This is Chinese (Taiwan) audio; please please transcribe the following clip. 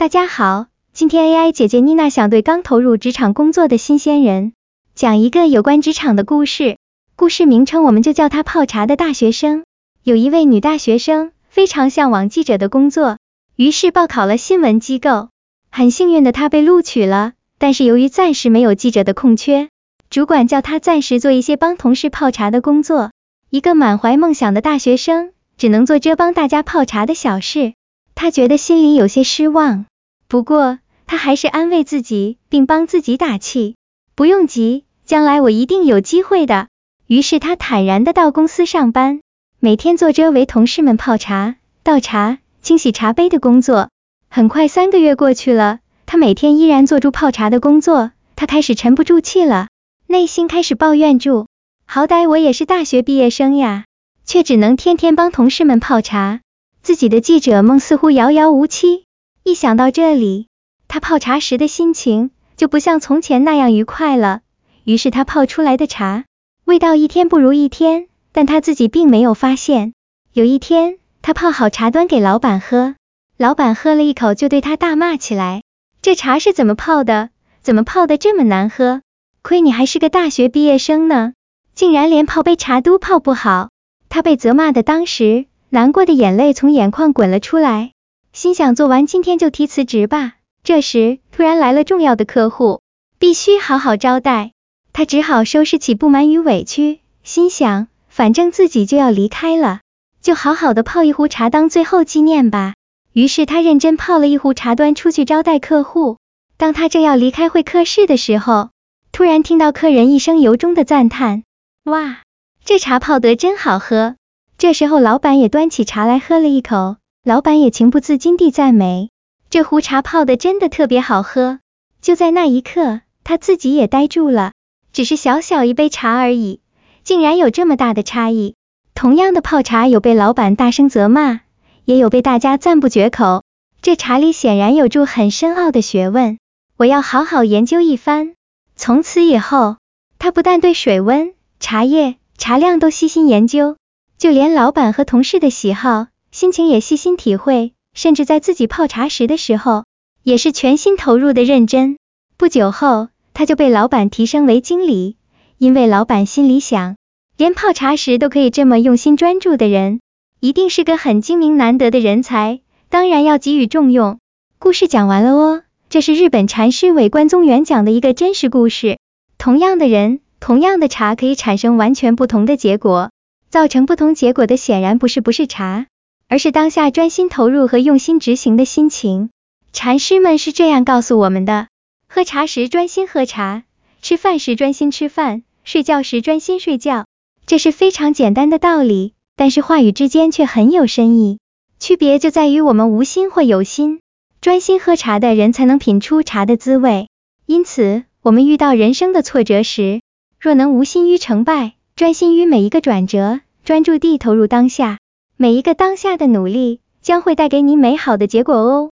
大家好，今天 AI 姐姐妮娜想對剛投入職場工作的新鮮人講一個有關職場的故事。故事名稱我們就叫她泡茶的大學生。有一位女大學生非常向往記者的工作，於是報考了新聞機構。很幸運的她被錄取了，但是由於暫時沒有記者的空缺，主管叫她暫時做一些幫同事泡茶的工作。一個滿懷夢想的大學生，只能做這幫大家泡茶的小事。他覺得心裡有些失望，不過他還是安慰自己，並幫自己打氣，不用急，將來我一定有機會的。於是他坦然的到公司上班，每天坐著為同事們泡茶、倒茶、清洗茶杯的工作。很快三個月過去了，他每天依然做着泡茶的工作，他開始沉不住氣了，內心開始抱怨住，好歹我也是大學畢業生呀，卻只能天天幫同事們泡茶。自己的記者夢似乎遙遙無期，一想到這裡，她泡茶時的心情就不像從前那樣愉快了。於是她泡出來的茶味道一天不如一天，但她自己並沒有發現。有一天，她泡好茶端給老板喝，老板喝了一口就對她大罵起來：“這茶是怎麼泡的？怎麼泡得這麼難喝？虧你還是個大學畢業生呢，竟然連泡杯茶都泡不好！”她被責罵的當時。難過的眼淚從眼眶滾了出來，心想做完今天就提辭職吧。這時突然來了重要的客戶，必須好好招待。他只好收拾起不滿與委屈，心想反正自己就要離開了，就好好的泡一壺茶當最後紀念吧。於是他認真泡了一壺茶端出去招待客戶。當他正要離開會客室的時候，突然聽到客人一聲由衷的讚嘆：“哇，這茶泡得真好喝。”這時候，老闆也端起茶來喝了一口，老闆也情不自禁地讚美，這壺茶泡的真的特別好喝。就在那一刻，他自己也呆住了，只是小小一杯茶而已，竟然有這麼大的差異。同樣的泡茶，有被老闆大聲責罵，也有被大家讚不絕口。這茶裡顯然有着很深奧的學問，我要好好研究一番。從此以後，他不但對水溫、茶葉、茶量都悉心研究。就連老板和同事的喜好、心情也細心體會，甚至在自己泡茶時的時候，也是全心投入的認真。不久後，他就被老板提升為經理，因為老板心裡想，連泡茶時都可以這麼用心專注的人，一定是個很精明難得的人才，當然要給予重用。故事講完了哦，這是日本禪師尾關宗園講的一個真實故事。同樣的人，同樣的茶，可以產生完全不同的結果。造成不同結果的顯然不是不是茶，而是當下專心投入和用心執行的心情。禪師們是這樣告訴我們的：喝茶時專心喝茶，吃飯時專心吃飯，睡覺時專心睡覺，這是非常簡單的道理，但是話語之間卻很有深意。區別就在於我們無心或有心。專心喝茶的人才能品出茶的滋味。因此，我們遇到人生的挫折時，若能無心於成敗，專心於每一個轉折，專注地投入當下，每一個當下的努力將會帶給你美好的結果哦。